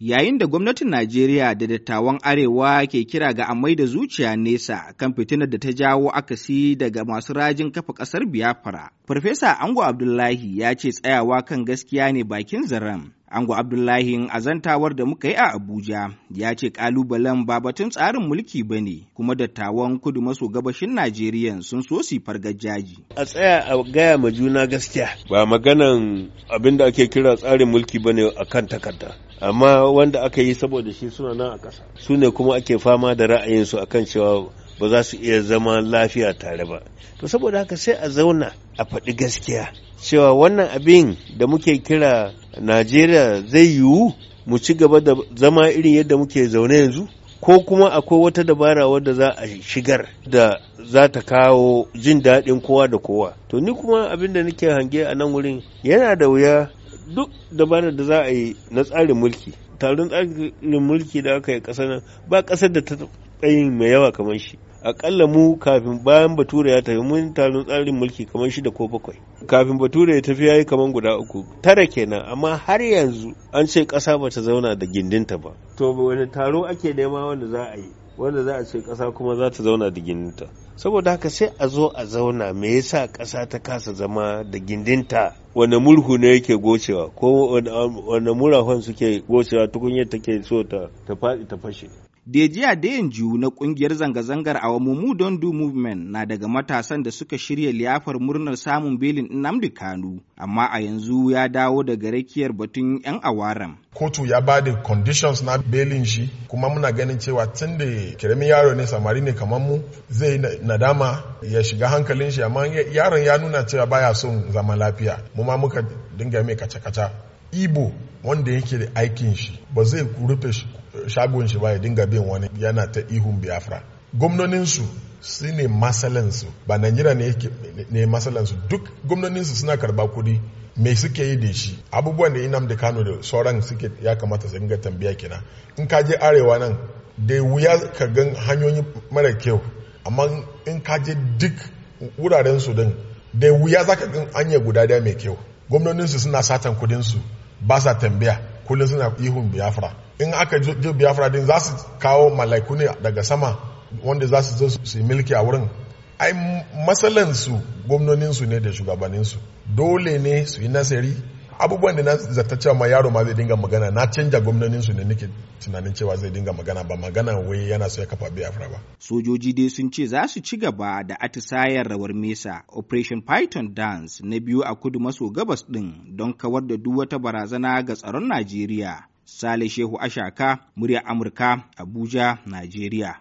Yayin da gwamnatin Najeriya da dattawan Arewa ke kira ga amai da zuciya nesa kan fitinar da ta jawo akasi daga masu rajin kafa ƙasar Biafra, Farfesa Ango Abdullahi ya ce tsayawa kan gaskiya ne bakin Zaram. Ango Abdullahi azantawar da muka yi a Abuja ya ce ƙalubalen ba batun tsarin mulki ba ne kuma dattawan kudu maso gabashin Najeriya sun so su fargajaji. A tsaya a gaya ma juna gaskiya. Ba maganan abinda ake kira tsarin mulki ba ne a kan takarda. Amma wanda aka yi saboda shi suna nan a ƙasa. Su ne kuma ake fama da ra'ayinsu akan cewa ba za su iya zama lafiya tare ba to saboda haka sai a zauna a faɗi gaskiya cewa wannan abin da muke kira najeriya zai yiwu mu ci gaba da zama irin yadda muke zaune yanzu ko kuma akwai wata dabara wadda za a shigar da za ta kawo jin daɗin kowa da kowa to ni kuma abin da nake hange a nan wurin yana da wuya duk dabarar da za a yi na tsarin mulki taron tsarin mulki da aka yi ƙasa nan ba ƙasar da ta tsayin mai yawa kamar shi akalla mu kafin bayan bature ya tafi mun taron tsarin mulki kamar shida ko bakwai kafin bature ya tafi yayi kamar guda uku tara kenan amma har yanzu an ce ƙasa ba ta zauna da gindinta ba to wani taro ake nema wanda za a yi wanda za a ce kasa kuma za ta zauna da gindinta saboda haka sai a zo a zauna me yasa ƙasa ta kasa zama da gindinta wanda mulhu ne yake gocewa ko wanda murahon suke gocewa tukunyar take so ta faɗi ta fashe Deji Adeyanju na kungiyar zanga-zangar wamumu Don Do Movement na daga matasan da suka shirya liyafar murnar samun belin Nnamdi Kanu, amma a yanzu ya dawo daga rakiyar batun 'yan awaram. Kotu ya ba da conditions na belin shi, kuma muna ganin cewa tun da kiramin yaro ne samari ne kamar mu zai nadama ya shiga hankalin shi, amma yaron ya nuna cewa baya son zama lafiya, mu ma muka dinga mai kaca-kaca. ibo wanda yake da aikin shi ba zai rufe shagon shi ba ya dinga bin wani yana ta ihun biafra gwamnoninsu su ne masalansu ba najeriya ne masalansu duk gwamnoninsu suna karba kudi me suke yi da shi abubuwan da inam da kano da sauran suke ya kamata su dinga tambaya kina, in ka je arewa nan da wuya ka gan hanyoyi mara kyau amma in ka je duk wuraren su din da wuya za ka gan guda daya mai kyau su suna satan kudinsu ba sa tambaya kullum suna ihun biafra in aka je biafra din za su kawo malaiku ne daga sama wanda za su zo su milki a wurin ai matsalan matsalansu gwamnoninsu ne da shugabanninsu dole ne su yi nasari abubuwan da na zata cewa yaro ma zai dinga magana na canja gwamnanin su ne nake tunanin cewa zai dinga magana ba magana wai yana so ya kafa biafra ba sojoji dai sun ce za su ci gaba da atisayar rawar mesa operation python dance na biyu a kudu maso gabas din don kawar da duk wata barazana ga tsaron najeriya sale shehu ashaka murya amurka abuja najeriya